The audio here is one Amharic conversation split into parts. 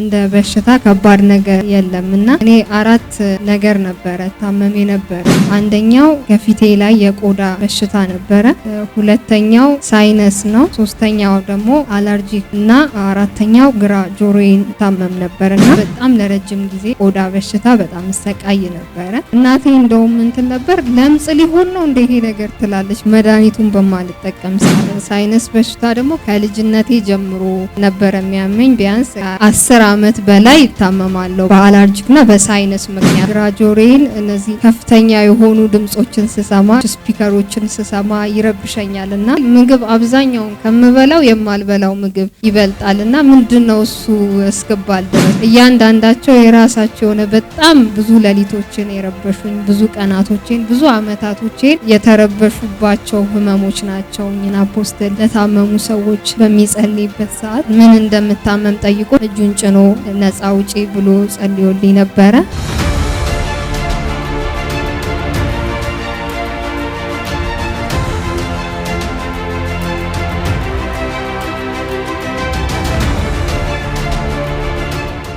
እንደ በሽታ ከባድ ነገር የለም እና እኔ አራት ነገር ነበረ ታመሜ ነበረ። አንደኛው ከፊቴ ላይ የቆዳ በሽታ ነበረ፣ ሁለተኛው ሳይነስ ነው፣ ሶስተኛው ደግሞ አለርጂ እና አራተኛው ግራ ጆሮዬን ታመም ነበር እና በጣም ለረጅም ጊዜ ቆዳ በሽታ በጣም እሰቃይ ነበረ። እናቴ እንደውም እንትን ነበር ለምጽ ሊሆን ነው እንደ ይሄ ነገር ትላለች፣ መድኃኒቱን በማልጠቀም ሳይነስ በሽታ ደግሞ ከልጅነቴ ጀምሮ ነበረ የሚያመኝ ቢያንስ አስር ዓመት በላይ ይታመማለሁ። በአላርጂክና በሳይነስ ምክንያት ግራ ጆሮዬን እነዚህ ከፍተኛ የሆኑ ድምጾችን ስሰማ ስፒከሮችን ስሰማ ይረብሸኛል እና ምግብ አብዛኛውን ከምበላው የማልበላው ምግብ ይበልጣል እና ምንድን ነው እሱ እስክባል ድረስ እያንዳንዳቸው የራሳቸው የሆነ በጣም ብዙ ሌሊቶችን የረበሹኝ ብዙ ቀናቶችን ብዙ አመታቶችን የተረበሹባቸው ህመሞች ናቸው። እኝን አፖስትል ለታመሙ ሰዎች በሚጸልይበት ሰዓት ምን እንደምታመም ጠይቆ እጁን ጭኖ ነፃ ውጪ ብሎ ጸልዮልኝ ነበረ።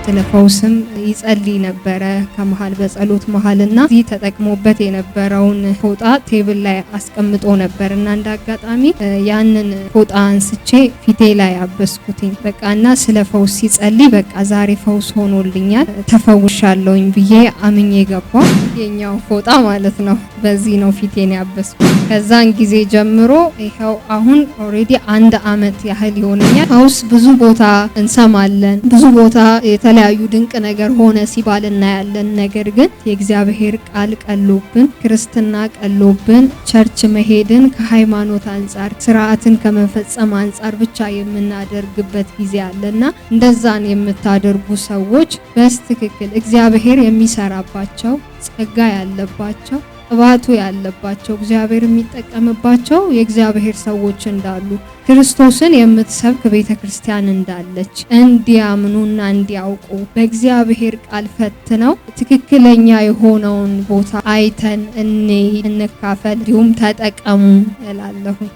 ስለ ፈውስም ይጸልይ ነበረ ከመሃል በጸሎት መሃል ና እዚህ ተጠቅሞበት የነበረውን ፎጣ ቴብል ላይ አስቀምጦ ነበር እና እንደ አጋጣሚ ያንን ፎጣ አንስቼ ፊቴ ላይ አበስኩትኝ። በቃ እና ስለ ፈውስ ሲጸልይ በቃ ዛሬ ፈውስ ሆኖልኛል ተፈውሻለውኝ ብዬ አምኜ ገባ። የኛው ፎጣ ማለት ነው። በዚህ ነው ፊቴን ያበስኩ ከዛን ጊዜ ጀምሮ ይኸው አሁን ኦሬዲ አንድ አመት ያህል ይሆነኛል። ፈውስ ብዙ ቦታ እንሰማለን፣ ብዙ ቦታ የተለ የተለያዩ ድንቅ ነገር ሆነ ሲባል እናያለን። ነገር ግን የእግዚአብሔር ቃል ቀሎብን፣ ክርስትና ቀሎብን፣ ቸርች መሄድን ከሃይማኖት አንጻር ስርዓትን ከመፈጸም አንጻር ብቻ የምናደርግበት ጊዜ አለና እንደዛን የምታደርጉ ሰዎች በስትክክል እግዚአብሔር የሚሰራባቸው ጸጋ ያለባቸው ባቱ ያለባቸው እግዚአብሔር የሚጠቀምባቸው የእግዚአብሔር ሰዎች እንዳሉ ክርስቶስን የምትሰብክ ቤተ ክርስቲያን እንዳለች እንዲያምኑና እንዲያውቁ በእግዚአብሔር ቃል ፈትነው ትክክለኛ የሆነውን ቦታ አይተን እኔ እንካፈል እንዲሁም ተጠቀሙ እላለሁኝ።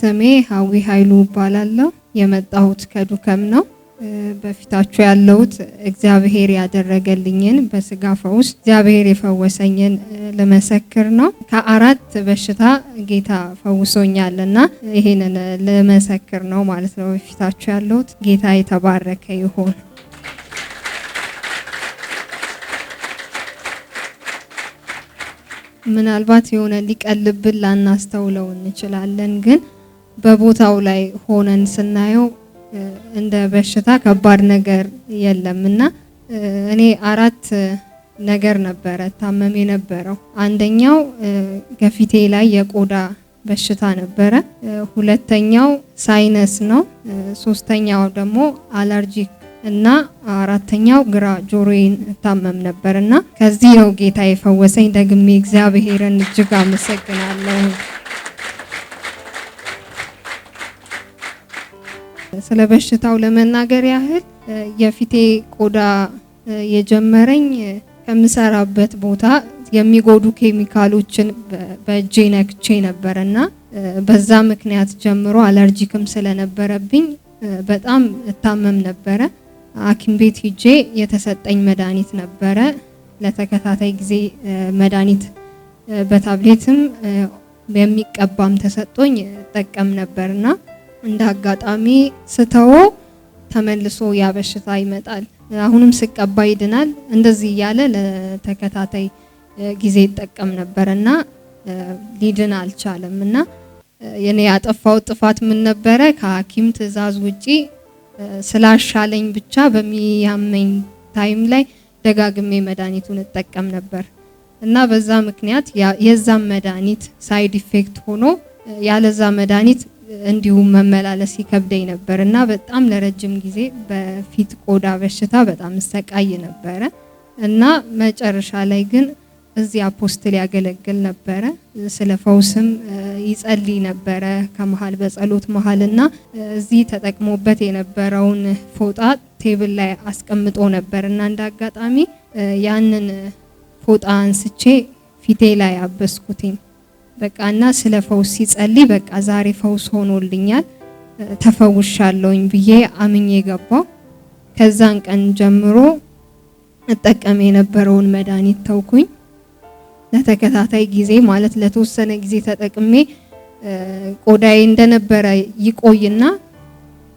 ስሜ ሀዊ ሀይሉ እባላለሁ። የመጣሁት ከዱከም ነው። በፊታችሁ ያለሁት እግዚአብሔር ያደረገልኝን በስጋ ፈውስ እግዚአብሔር የፈወሰኝን ለመሰክር ነው። ከአራት በሽታ ጌታ ፈውሶኛል እና ይሄንን ለመሰክር ነው ማለት ነው በፊታችሁ ያለሁት። ጌታ የተባረከ ይሆን ምናልባት የሆነ ሊቀልብን ላናስተውለው እንችላለን ግን በቦታው ላይ ሆነን ስናየው እንደ በሽታ ከባድ ነገር የለም እና እኔ አራት ነገር ነበረ ታመም የነበረው። አንደኛው ከፊቴ ላይ የቆዳ በሽታ ነበረ፣ ሁለተኛው ሳይነስ ነው፣ ሶስተኛው ደግሞ አለርጂክ እና አራተኛው ግራ ጆሮዬን እታመም ነበር እና ከዚህ ነው ጌታ የፈወሰኝ። ደግሜ እግዚአብሔርን እጅግ አመሰግናለሁ። ስለ በሽታው ለመናገር ያህል የፊቴ ቆዳ የጀመረኝ ከምሰራበት ቦታ የሚጎዱ ኬሚካሎችን በእጄ ነክቼ ነበር እና በዛ ምክንያት ጀምሮ አለርጂክም ስለነበረብኝ በጣም እታመም ነበረ። ሐኪም ቤት ሂጄ የተሰጠኝ መድኃኒት ነበረ። ለተከታታይ ጊዜ መድኃኒት በታብሌትም የሚቀባም ተሰጥቶኝ እጠቀም ነበርና እንደ አጋጣሚ ስተው ተመልሶ ያ በሽታ ይመጣል። አሁንም ስቀባ ይድናል። እንደዚህ እያለ ለተከታታይ ጊዜ ይጠቀም ነበር እና ሊድን አልቻለም። እና የኔ ያጠፋው ጥፋት ምን ነበረ? ከሐኪም ትዕዛዝ ውጪ ስላሻለኝ ብቻ በሚያመኝ ታይም ላይ ደጋግሜ መድኃኒቱን እጠቀም ነበር እና በዛ ምክንያት የዛ መድኃኒት ሳይድ ኢፌክት ሆኖ ያለዛ መድኃኒት እንዲሁም መመላለስ ይከብደኝ ነበር እና በጣም ለረጅም ጊዜ በፊት ቆዳ በሽታ በጣም እሰቃይ ነበረ እና መጨረሻ ላይ ግን እዚህ አፖስትል ያገለግል ነበረ። ስለ ፈውስም ይጸልይ ነበረ ከመሀል በጸሎት መሀል እና እዚህ ተጠቅሞበት የነበረውን ፎጣ ቴብል ላይ አስቀምጦ ነበር እና እንደ አጋጣሚ ያንን ፎጣ አንስቼ ፊቴ ላይ አበስኩትኝ። በቃና ስለ ፈውስ ሲጸልይ በቃ ዛሬ ፈውስ ሆኖልኛል ተፈውሻለሁኝ ብዬ አምኜ ገባው። ከዛን ቀን ጀምሮ እጠቀም የነበረውን መድኃኒት ተውኩኝ። ለተከታታይ ጊዜ ማለት ለተወሰነ ጊዜ ተጠቅሜ ቆዳዬ እንደነበረ ይቆይና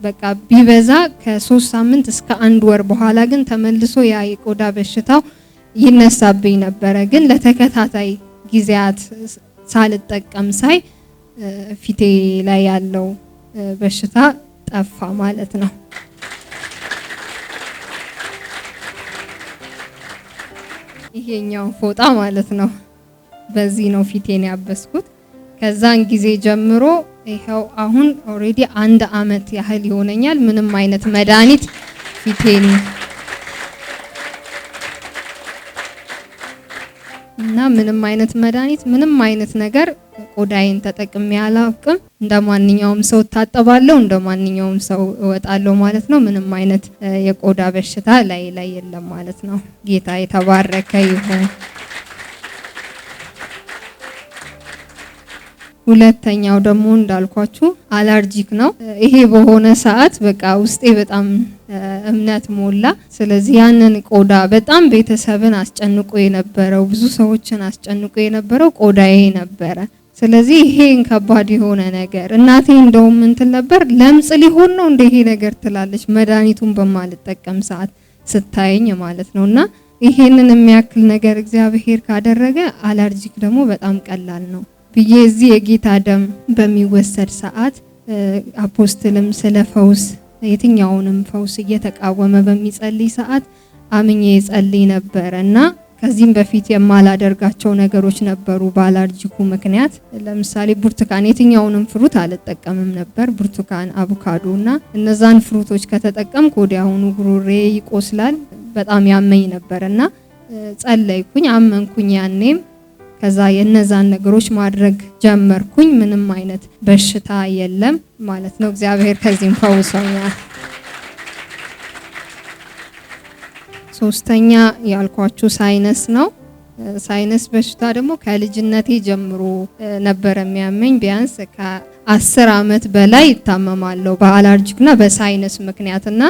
በቃ ቢበዛ ከሶስት ሳምንት እስከ አንድ ወር በኋላ ግን ተመልሶ ያ የቆዳ በሽታው ይነሳብኝ ነበረ። ግን ለተከታታይ ጊዜያት ሳልጠቀም ሳይ ፊቴ ላይ ያለው በሽታ ጠፋ ማለት ነው። ይሄኛው ፎጣ ማለት ነው። በዚህ ነው ፊቴን ያበስኩት። ከዛን ጊዜ ጀምሮ ይኸው አሁን ኦሬዲ አንድ አመት ያህል ይሆነኛል። ምንም አይነት መድኃኒት ፊቴን ምንም አይነት መድኃኒት ምንም አይነት ነገር ቆዳዬን ተጠቅሜ አላውቅም። እንደ ማንኛውም ሰው እታጠባለሁ፣ እንደ ማንኛውም ሰው እወጣለሁ ማለት ነው። ምንም አይነት የቆዳ በሽታ ላይ ላይ የለም ማለት ነው። ጌታ የተባረከ ይሁን። ሁለተኛው ደግሞ እንዳልኳችሁ አለርጂክ ነው። ይሄ በሆነ ሰዓት በቃ ውስጤ በጣም እምነት ሞላ። ስለዚህ ያንን ቆዳ በጣም ቤተሰብን አስጨንቆ የነበረው ብዙ ሰዎችን አስጨንቆ የነበረው ቆዳዬ ነበረ። ስለዚህ ይሄን ከባድ የሆነ ነገር እናቴ እንደውም ምንትል ነበር ለምጽ ሊሆን ነው እንደ ይሄ ነገር ትላለች፣ መድኃኒቱን በማልጠቀም ሰዓት ስታየኝ ማለት ነው እና ይሄንን የሚያክል ነገር እግዚአብሔር ካደረገ አለርጂክ ደግሞ በጣም ቀላል ነው። ብዬ እዚህ የጌታ ደም በሚወሰድ ሰዓት አፖስትልም ስለ ፈውስ የትኛውንም ፈውስ እየተቃወመ በሚጸልይ ሰዓት አምኜ የጸልይ ነበረ እና ከዚህም በፊት የማላደርጋቸው ነገሮች ነበሩ። በአለርጂኩ ምክንያት ለምሳሌ ብርቱካን፣ የትኛውንም ፍሩት አልጠቀምም ነበር። ብርቱካን፣ አቮካዶ እና እነዛን ፍሩቶች ከተጠቀምኩ ወዲያውኑ ጉሮሬ ይቆስላል፣ በጣም ያመኝ ነበር እና ጸለይኩኝ፣ አመንኩኝ። ያኔም ከዛ የነዛን ነገሮች ማድረግ ጀመርኩኝ። ምንም አይነት በሽታ የለም ማለት ነው። እግዚአብሔር ከዚህም ፈውሶኛል። ሶስተኛ ያልኳችሁ ሳይነስ ነው። ሳይነስ በሽታ ደግሞ ከልጅነቴ ጀምሮ ነበር የሚያመኝ። ቢያንስ ከአስር አመት በላይ ይታመማለሁ በአላርጂክና በሳይነስ ምክንያትና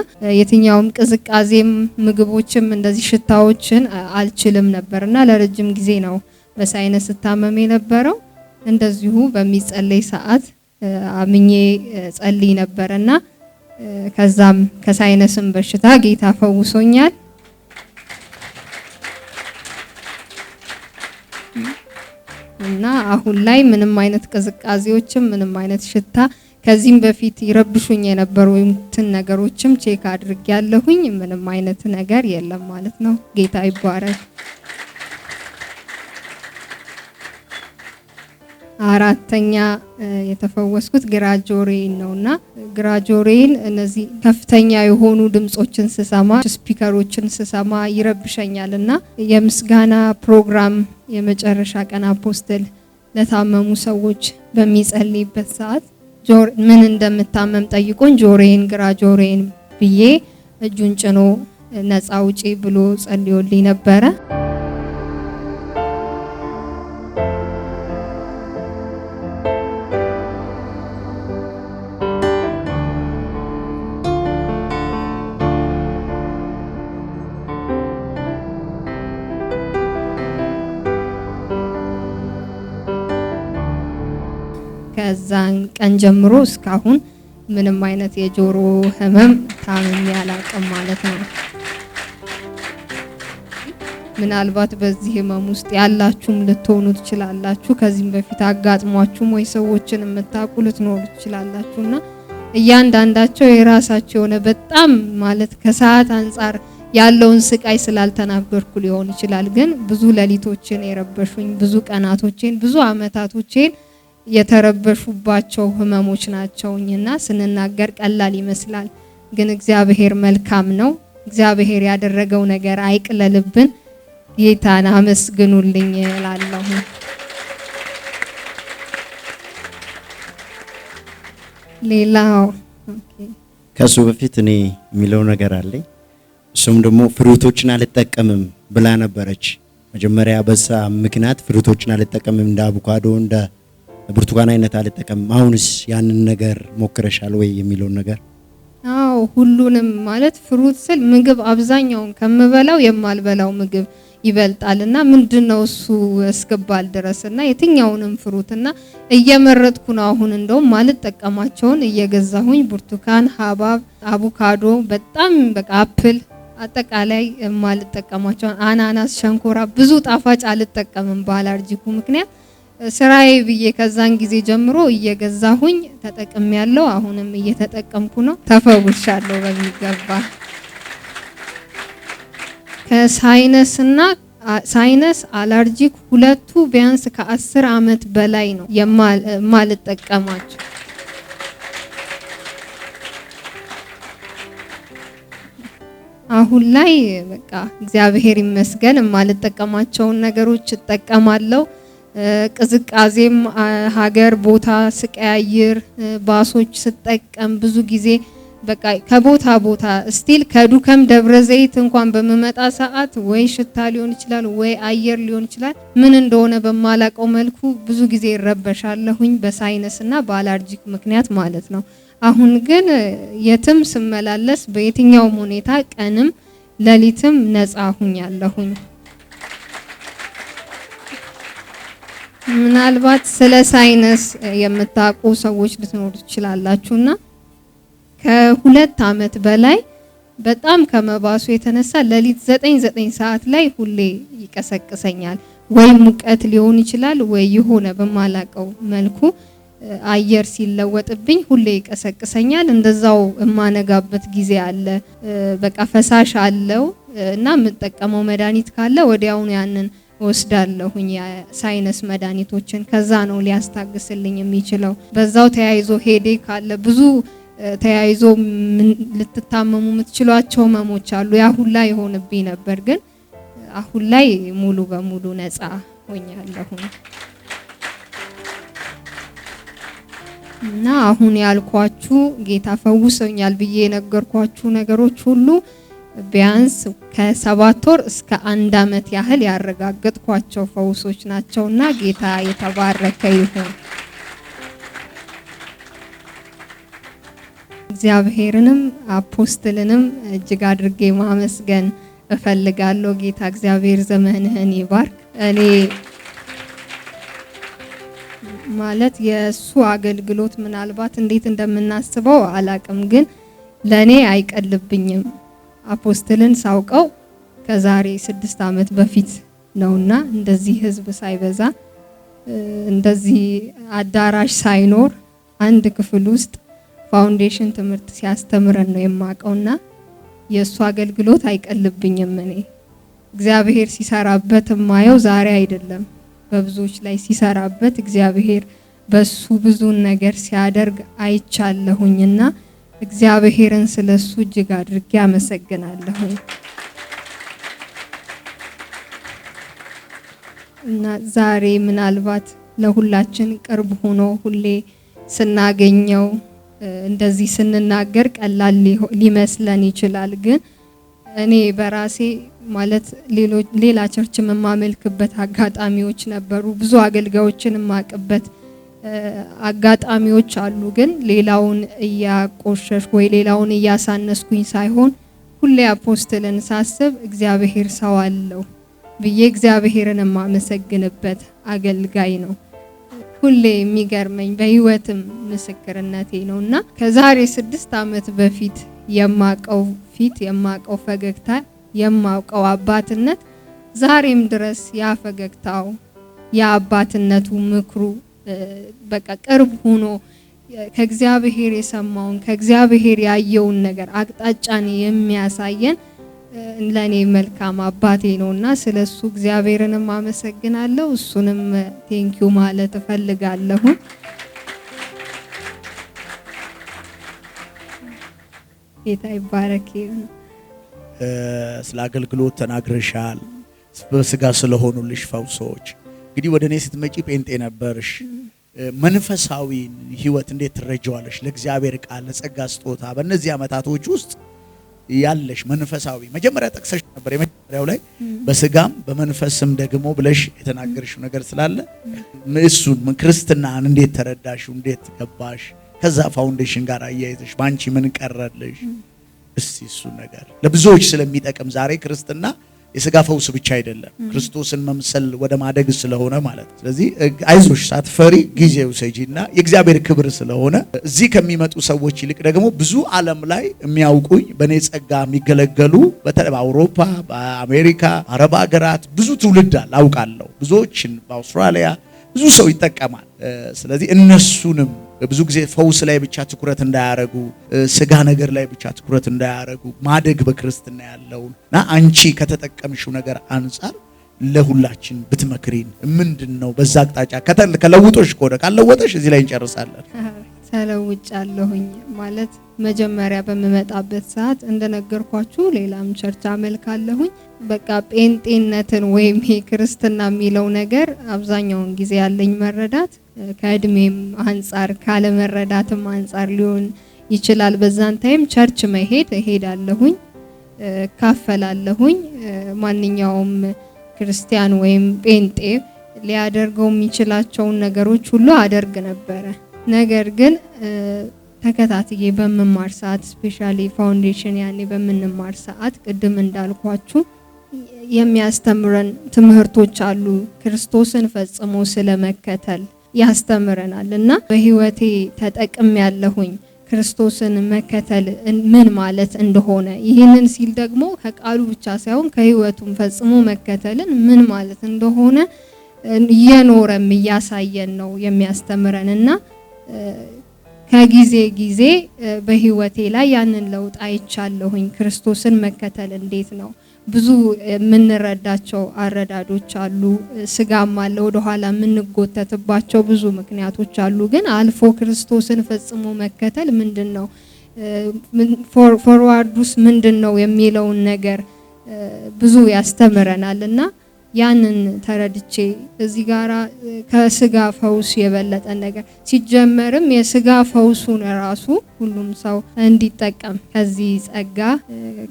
የትኛውም ቅዝቃዜም ምግቦችም እንደዚህ ሽታዎችን አልችልም ነበርና ለረጅም ጊዜ ነው በሳይነስ ስታመም የነበረው እንደዚሁ በሚጸለይ ሰዓት አምኜ ጸልይ ነበርና ከዛም ከሳይነስም በሽታ ጌታ ፈውሶኛል። እና አሁን ላይ ምንም አይነት ቅዝቃዜዎችም ምንም አይነት ሽታ ከዚህም በፊት ይረብሹኝ የነበሩትን ነገሮችም ቼክ አድርጌ ያለሁኝ ምንም አይነት ነገር የለም ማለት ነው። ጌታ ይባረክ። አራተኛ የተፈወስኩት ግራጆሬን ነው እና ግራጆሬን እነዚህ ከፍተኛ የሆኑ ድምጾችን ስሰማ ስፒከሮችን ስሰማ ይረብሸኛል እና የምስጋና ፕሮግራም የመጨረሻ ቀን አፖስትል ለታመሙ ሰዎች በሚጸልይበት ሰዓት ምን እንደምታመም ጠይቆን ጆሬን ግራጆሬን ብዬ እጁን ጭኖ ነፃ ውጪ ብሎ ጸልዮልኝ ነበረ። ቀን ጀምሮ እስካሁን ምንም አይነት የጆሮ ህመም ታምሜ አላውቅም ማለት ነው። ምናልባት በዚህ ህመም ውስጥ ያላችሁም ልትሆኑ ትችላላችሁ። ከዚህም በፊት አጋጥሟችሁም ወይ ሰዎችን የምታውቁ ልትኖሩ ትችላላችሁና እያንዳንዳቸው የራሳቸው የሆነ በጣም ማለት ከሰዓት አንጻር ያለውን ስቃይ ስላልተናገርኩ ሊሆን ይችላል። ግን ብዙ ሌሊቶችን የረበሹኝ፣ ብዙ ቀናቶችን፣ ብዙ አመታቶችን የተረበሹባቸው ህመሞች ናቸው። ናቸውና ስንናገር ቀላል ይመስላል። ግን እግዚአብሔር መልካም ነው። እግዚአብሔር ያደረገው ነገር አይቅለልብን። ጌታን አመስግኑልኝ እላለሁ። ሌላው ከሱ በፊት እኔ የሚለው ነገር አለኝ። እሱም ደግሞ ፍሩቶችን አልጠቀምም ብላ ነበረች። መጀመሪያ በሳ ምክንያት ፍሩቶችን አልጠቀምም እንደ አቮካዶ እንደ ብርቱካን አይነት አልጠቀምም። አሁንስ ያንን ነገር ሞክረሻል ወይ የሚለውን ነገር አዎ፣ ሁሉንም ማለት ፍሩት ስል ምግብ አብዛኛውን ከምበላው የማልበላው ምግብ ይበልጣል እና ምንድን ነው እሱ እስክባል ድረስ እና የትኛውንም ፍሩትና እየመረጥኩ ነው። አሁን እንደውም ማልጠቀማቸውን እየገዛሁኝ ብርቱካን፣ ሀባብ፣ አቮካዶ በጣም በቃ አፕል አጠቃላይ ማልጠቀማቸውን አናናስ፣ ሸንኮራ ብዙ ጣፋጭ አልጠቀምም በአለርጂኩ ምክንያት ስራዬ ብዬ ከዛን ጊዜ ጀምሮ እየገዛሁኝ ተጠቅም ያለው አሁንም እየተጠቀምኩ ነው። ተፈውሻለሁ በሚገባ ከሳይነስ እና ሳይነስ አለርጂክ ሁለቱ ቢያንስ ከአስር አመት በላይ ነው የማልጠቀማቸው። አሁን ላይ በቃ እግዚአብሔር ይመስገን የማልጠቀማቸውን ነገሮች እጠቀማለሁ። ቅዝቃዜም ሀገር ቦታ ስቀያይር ባሶች ስጠቀም ብዙ ጊዜ በቃ ከቦታ ቦታ ስቲል ከዱከም ደብረ ዘይት እንኳን በምመጣ ሰዓት ወይ ሽታ ሊሆን ይችላል ወይ አየር ሊሆን ይችላል፣ ምን እንደሆነ በማላቀው መልኩ ብዙ ጊዜ ይረበሻለሁኝ በሳይነስ እና በአላርጂክ ምክንያት ማለት ነው። አሁን ግን የትም ስመላለስ በየትኛውም ሁኔታ ቀንም ለሊትም ነጻ ሁኛለሁኝ። ምናልባት ስለ ሳይነስ የምታውቁ ሰዎች ልትኖሩ ትችላላችሁ እና ከሁለት አመት በላይ በጣም ከመባሱ የተነሳ ሌሊት ዘጠኝ ዘጠኝ ሰዓት ላይ ሁሌ ይቀሰቅሰኛል። ወይ ሙቀት ሊሆን ይችላል ወይ የሆነ በማላቀው መልኩ አየር ሲለወጥብኝ ሁሌ ይቀሰቅሰኛል። እንደዛው የማነጋበት ጊዜ አለ። በቃ ፈሳሽ አለው እና የምጠቀመው መድኃኒት ካለ ወዲያውኑ ያንን ወስዳለሁኝ ሳይነስ መድኃኒቶችን ከዛ ነው ሊያስታግስልኝ የሚችለው። በዛው ተያይዞ ሄዴ ካለ ብዙ ተያይዞ ልትታመሙ የምትችሏቸው ህመሞች አሉ። ያ ሁላ የሆንብኝ ነበር፣ ግን አሁን ላይ ሙሉ በሙሉ ነጻ ሆኛለሁ እና አሁን ያልኳችሁ ጌታ ፈውሰኛል ብዬ የነገርኳችሁ ነገሮች ሁሉ ቢያንስ ከሰባት ወር እስከ አንድ አመት ያህል ያረጋገጥኳቸው ፈውሶች ናቸውና ጌታ የተባረከ ይሁን። እግዚአብሔርንም አፖስትልንም እጅግ አድርጌ ማመስገን እፈልጋለሁ። ጌታ እግዚአብሔር ዘመንህን ይባርክ። እኔ ማለት የእሱ አገልግሎት ምናልባት እንዴት እንደምናስበው አላቅም፣ ግን ለእኔ አይቀልብኝም አፖስትልን ሳውቀው ከዛሬ ስድስት ዓመት በፊት ነውና እንደዚህ ህዝብ ሳይበዛ እንደዚህ አዳራሽ ሳይኖር አንድ ክፍል ውስጥ ፋውንዴሽን ትምህርት ሲያስተምረን ነው የማውቀውና የእሱ አገልግሎት አይቀልብኝም። እኔ እግዚአብሔር ሲሰራበት የማየው ዛሬ አይደለም፣ በብዙዎች ላይ ሲሰራበት እግዚአብሔር በሱ ብዙን ነገር ሲያደርግ አይቻለሁኝና እግዚአብሔርን ስለ እሱ እጅግ አድርጌ አመሰግናለሁ እና ዛሬ ምናልባት ለሁላችን ቅርብ ሆኖ ሁሌ ስናገኘው እንደዚህ ስንናገር ቀላል ሊመስለን ይችላል። ግን እኔ በራሴ ማለት ሌላ ቸርች የማመልክበት አጋጣሚዎች ነበሩ። ብዙ አገልጋዮችን የማቅበት አጋጣሚዎች አሉ። ግን ሌላውን እያቆሸሽ ወይ ሌላውን እያሳነስኩኝ ሳይሆን ሁሌ አፖስትልን ሳስብ እግዚአብሔር ሰው አለው ብዬ እግዚአብሔርን የማመሰግንበት አገልጋይ ነው። ሁሌ የሚገርመኝ በህይወትም ምስክርነቴ ነው እና ከዛሬ ስድስት ዓመት በፊት የማቀው ፊት የማቀው ፈገግታ የማውቀው አባትነት ዛሬም ድረስ ያ ፈገግታው ምክሩ በቃ ቅርብ ሆኖ ከእግዚአብሔር የሰማውን ከእግዚአብሔር ያየውን ነገር አቅጣጫን የሚያሳየን ለኔ መልካም አባቴ ነውና ስለሱ እግዚአብሔርንም አመሰግናለሁ። እሱንም ቴንኪዩ ማለት እፈልጋለሁ። ጌታ ይባረክ። ስለ አገልግሎት ተናግረሻል። በስጋ ስለሆኑልሽ ፈውሶች እንግዲህ ወደ እኔ ስትመጪ ጴንጤ ነበርሽ። መንፈሳዊ ህይወት እንዴት ትረጀዋለሽ? ለእግዚአብሔር ቃል፣ ለጸጋ ስጦታ በእነዚህ ዓመታቶች ውስጥ ያለሽ መንፈሳዊ መጀመሪያ ጠቅሰሽ ነበር። የመጀመሪያው ላይ በስጋም በመንፈስም ደግሞ ብለሽ የተናገርሽው ነገር ስላለ እሱን ክርስትናን እንዴት ተረዳሽ? እንዴት ገባሽ? ከዛ ፋውንዴሽን ጋር አያይዘሽ በአንቺ ምን ቀረልሽ? እስቲ እሱ ነገር ለብዙዎች ስለሚጠቅም ዛሬ ክርስትና የስጋ ፈውስ ብቻ አይደለም፣ ክርስቶስን መምሰል ወደ ማደግ ስለሆነ ማለት። ስለዚህ አይዞሽ ሳትፈሪ ጊዜው ሰጂና የእግዚአብሔር ክብር ስለሆነ እዚህ ከሚመጡ ሰዎች ይልቅ ደግሞ ብዙ ዓለም ላይ የሚያውቁኝ በእኔ ጸጋ የሚገለገሉ በተለይ በአውሮፓ፣ በአሜሪካ፣ አረብ ሀገራት ብዙ ትውልድ አለ አውቃለሁ። ብዙዎችን በአውስትራሊያ ብዙ ሰው ይጠቀማል። ስለዚህ እነሱንም ብዙ ጊዜ ፈውስ ላይ ብቻ ትኩረት እንዳያረጉ፣ ስጋ ነገር ላይ ብቻ ትኩረት እንዳያረጉ ማደግ በክርስትና ያለውን እና አንቺ ከተጠቀምሽው ነገር አንጻር ለሁላችን ብትመክሪን ምንድን ነው? በዛ አቅጣጫ ከተል ከለውጦሽ ከሆነ ካለወጠሽ እዚህ ላይ እንጨርሳለን። ተለውጫለሁኝ ማለት መጀመሪያ በምመጣበት ሰዓት እንደነገርኳችሁ ሌላም ቸርች አመልካለሁኝ። በቃ ጴንጤነትን ወይም ክርስትና የሚለው ነገር አብዛኛውን ጊዜ ያለኝ መረዳት ከእድሜም አንጻር ካለመረዳትም አንጻር ሊሆን ይችላል። በዛን ታይም ቸርች መሄድ እሄዳለሁኝ፣ ካፈላለሁኝ። ማንኛውም ክርስቲያን ወይም ጴንጤ ሊያደርገው የሚችላቸውን ነገሮች ሁሉ አደርግ ነበረ። ነገር ግን ተከታትዬ በምማር ሰዓት ስፔሻሊ ፋውንዴሽን ያኔ በምንማር ሰዓት ቅድም እንዳልኳችሁ የሚያስተምረን ትምህርቶች አሉ። ክርስቶስን ፈጽሞ ስለመከተል ያስተምረናል እና በህይወቴ ተጠቅም ያለሁኝ ክርስቶስን መከተል ምን ማለት እንደሆነ ይህንን ሲል ደግሞ ከቃሉ ብቻ ሳይሆን ከህይወቱም ፈጽሞ መከተልን ምን ማለት እንደሆነ እየኖረም እያሳየን ነው የሚያስተምረን እና ከጊዜ ጊዜ በህይወቴ ላይ ያንን ለውጥ አይቻለሁኝ። ክርስቶስን መከተል እንዴት ነው ብዙ የምንረዳቸው አረዳዶች አሉ። ስጋም አለ፣ ወደኋላ የምንጎተትባቸው ብዙ ምክንያቶች አሉ። ግን አልፎ ክርስቶስን ፈጽሞ መከተል ምንድን ነው፣ ፎርዋርዱስ ምንድን ነው የሚለውን ነገር ብዙ ያስተምረናል እና ያንን ተረድቼ እዚህ ጋራ ከስጋ ፈውስ የበለጠ ነገር ሲጀመርም የስጋ ፈውሱን ራሱ ሁሉም ሰው እንዲጠቀም ከዚህ ጸጋ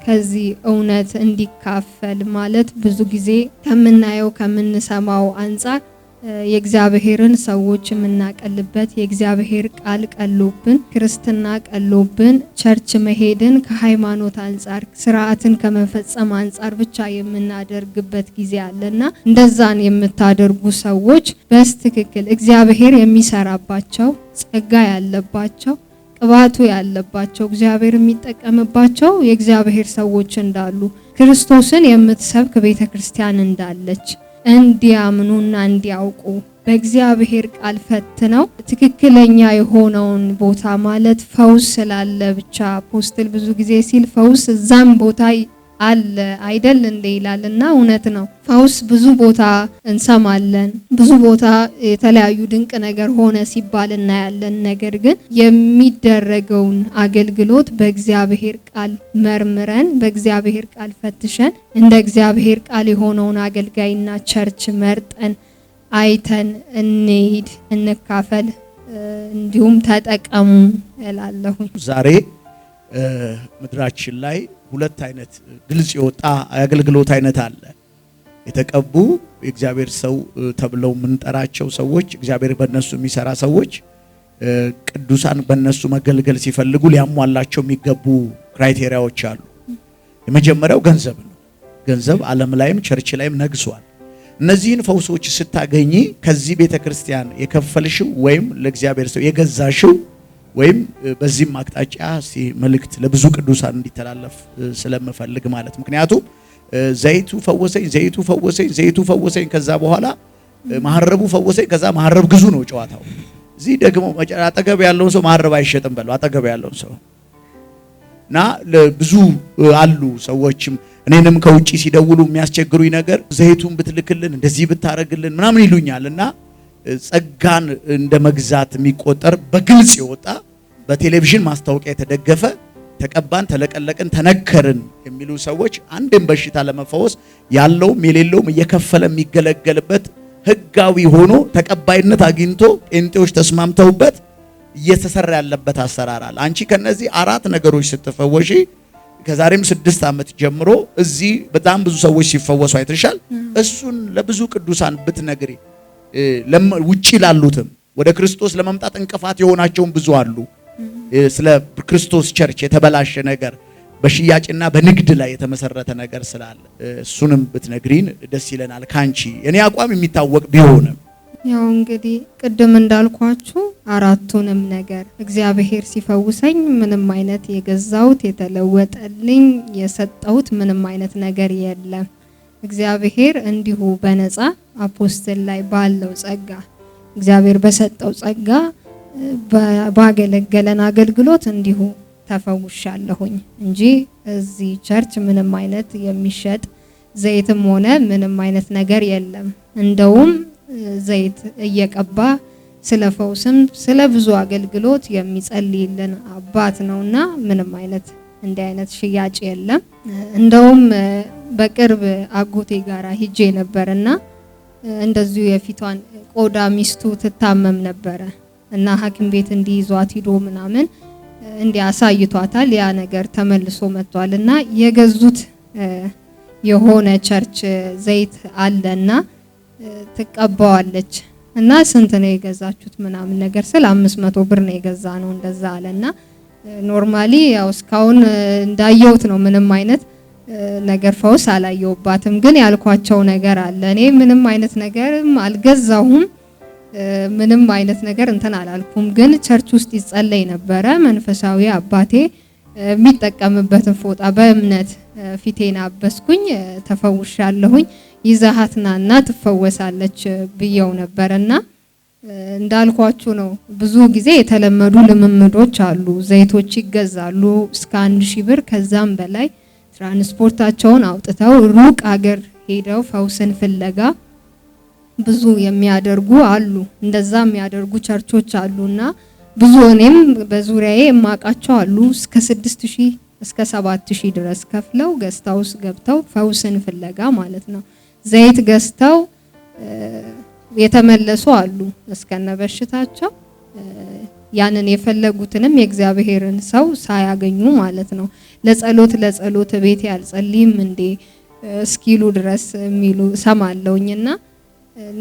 ከዚህ እውነት እንዲካፈል ማለት ብዙ ጊዜ ከምናየው ከምንሰማው አንጻር የእግዚአብሔርን ሰዎች የምናቀልበት የእግዚአብሔር ቃል ቀሎብን፣ ክርስትና ቀሎብን፣ ቸርች መሄድን ከሃይማኖት አንጻር ስርዓትን ከመፈጸም አንጻር ብቻ የምናደርግበት ጊዜ አለና እንደዛን የምታደርጉ ሰዎች በስትክክል እግዚአብሔር የሚሰራባቸው ጸጋ ያለባቸው ቅባቱ ያለባቸው እግዚአብሔር የሚጠቀምባቸው የእግዚአብሔር ሰዎች እንዳሉ ክርስቶስን የምትሰብክ ቤተ ክርስቲያን እንዳለች እንዲያምኑና እንዲያውቁ በእግዚአብሔር ቃል ፈትነው ትክክለኛ የሆነውን ቦታ ማለት ፈውስ ስላለ ብቻ አፖስትል ብዙ ጊዜ ሲል ፈውስ እዛም ቦታ አለ አይደል እንዴ ይላል እና እውነት ነው። ፈውስ ብዙ ቦታ እንሰማለን፣ ብዙ ቦታ የተለያዩ ድንቅ ነገር ሆነ ሲባል እናያለን። ነገር ግን የሚደረገውን አገልግሎት በእግዚአብሔር ቃል መርምረን በእግዚአብሔር ቃል ፈትሸን እንደ እግዚአብሔር ቃል የሆነውን አገልጋይና ቸርች መርጠን አይተን እንሄድ እንካፈል፣ እንዲሁም ተጠቀሙ እላለሁ። ዛሬ ምድራችን ላይ ሁለት አይነት ግልጽ የወጣ የአገልግሎት አይነት አለ። የተቀቡ የእግዚአብሔር ሰው ተብለው የምንጠራቸው ሰዎች እግዚአብሔር በእነሱ የሚሰራ ሰዎች ቅዱሳን በእነሱ መገልገል ሲፈልጉ ሊያሟላቸው የሚገቡ ክራይቴሪያዎች አሉ። የመጀመሪያው ገንዘብ ነው። ገንዘብ ዓለም ላይም ቸርች ላይም ነግሷል። እነዚህን ፈውሶች ስታገኝ ከዚህ ቤተ ክርስቲያን የከፈልሽው ወይም ለእግዚአብሔር ሰው የገዛሽው ወይም በዚህም አቅጣጫ መልእክት ለብዙ ቅዱሳን እንዲተላለፍ ስለምፈልግ ማለት ምክንያቱም ዘይቱ ፈወሰኝ፣ ዘይቱ ፈወሰኝ፣ ዘይቱ ፈወሰኝ፣ ከዛ በኋላ መሀረቡ ፈወሰኝ፣ ከዛ ማሀረብ ግዙ ነው ጨዋታው። እዚህ ደግሞ አጠገብ ያለውን ሰው መሀረብ አይሸጥም በለው አጠገብ ያለውን ሰው እና ብዙ አሉ ሰዎችም እኔንም ከውጪ ሲደውሉ የሚያስቸግሩኝ ነገር ዘይቱን ብትልክልን እንደዚህ ብታረግልን ምናምን ይሉኛል እና ጸጋን እንደ መግዛት የሚቆጠር በግልጽ የወጣ በቴሌቪዥን ማስታወቂያ የተደገፈ ተቀባን፣ ተለቀለቅን፣ ተነከርን የሚሉ ሰዎች አንድን በሽታ ለመፈወስ ያለውም የሌለውም እየከፈለ የሚገለገልበት ህጋዊ ሆኖ ተቀባይነት አግኝቶ ጴንጤዎች ተስማምተውበት እየተሰራ ያለበት አሰራር አለ። አንቺ ከነዚህ አራት ነገሮች ስትፈወሺ ከዛሬም ስድስት ዓመት ጀምሮ እዚህ በጣም ብዙ ሰዎች ሲፈወሱ አይተሻል። እሱን ለብዙ ቅዱሳን ብትነግሪ ውጪ ላሉትም ወደ ክርስቶስ ለመምጣት እንቅፋት የሆናቸውን ብዙ አሉ። ስለ ክርስቶስ ቸርች የተበላሸ ነገር በሽያጭና በንግድ ላይ የተመሰረተ ነገር ስላለ እሱንም ብትነግሪን ደስ ይለናል። ካንቺ እኔ አቋም የሚታወቅ ቢሆንም ያው እንግዲህ ቅድም እንዳልኳችሁ አራቱንም ነገር እግዚአብሔር ሲፈውሰኝ ምንም አይነት የገዛሁት የተለወጠልኝ የሰጠሁት ምንም አይነት ነገር የለም። እግዚአብሔር እንዲሁ በነፃ አፖስትል ላይ ባለው ጸጋ እግዚአብሔር በሰጠው ጸጋ ባገለገለን አገልግሎት እንዲሁ ተፈውሻለሁኝ እንጂ እዚህ ቸርች ምንም አይነት የሚሸጥ ዘይትም ሆነ ምንም አይነት ነገር የለም። እንደውም ዘይት እየቀባ ስለ ፈውስም ስለ ብዙ አገልግሎት የሚጸልይልን አባት ነውና ምንም አይነት እንዲህ አይነት ሽያጭ የለም። እንደውም በቅርብ አጎቴ ጋራ ሂጄ ነበርና እንደዚሁ የፊቷን ቆዳ ሚስቱ ትታመም ነበረ እና ሐኪም ቤት እንዲይዟት ሂዶ ምናምን እንዲያሳይቷታል ያ ነገር ተመልሶ መጥቷል እና የገዙት የሆነ ቸርች ዘይት አለና ትቀባዋለች እና ስንት ነው የገዛችሁት ምናምን ነገር ስለ አምስት መቶ ብር ነው የገዛ ነው እንደዛ አለና ኖርማሊ ያው እስካሁን እንዳየሁት ነው ምንም አይነት ነገር ፈውስ አላየውባትም። ግን ያልኳቸው ነገር አለ። እኔ ምንም አይነት ነገርም አልገዛሁም፣ ምንም አይነት ነገር እንትን አላልኩም። ግን ቸርች ውስጥ ይጸለይ ነበረ። መንፈሳዊ አባቴ የሚጠቀምበትን ፎጣ በእምነት ፊቴን አበስኩኝ፣ ተፈውሻለሁኝ። ይዛሃትናና ትፈወሳለች ብየው ነበረና እንዳልኳችሁ ነው። ብዙ ጊዜ የተለመዱ ልምምዶች አሉ። ዘይቶች ይገዛሉ እስከ አንድ ሺህ ብር ከዛም በላይ ትራንስፖርታቸውን አውጥተው ሩቅ አገር ሄደው ፈውስን ፍለጋ ብዙ የሚያደርጉ አሉ። እንደዛ የሚያደርጉ ቸርቾች አሉና ብዙ እኔም በዙሪያዬ የማውቃቸው አሉ። እስከ 6000 እስከ 7000 ድረስ ከፍለው ገዝታ ገብተው ፈውስን ፍለጋ ማለት ነው። ዘይት ገዝተው የተመለሱ አሉ እስከነ በሽታቸው ያንን የፈለጉትንም የእግዚአብሔርን ሰው ሳያገኙ ማለት ነው። ለጸሎት ለጸሎት ቤት ያልጸልይም እንዴ እስኪሉ ድረስ የሚሉ ሰማለውኝና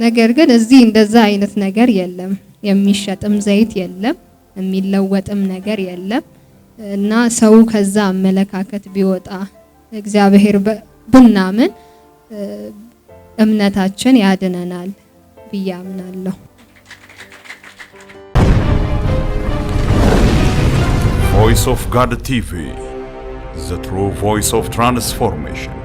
ነገር ግን እዚህ እንደዛ አይነት ነገር የለም። የሚሸጥም ዘይት የለም፣ የሚለወጥም ነገር የለም። እና ሰው ከዛ አመለካከት ቢወጣ እግዚአብሔር ብናምን እምነታችን ያድነናል ብዬ አምናለሁ። Voice of God TV, the true voice of transformation.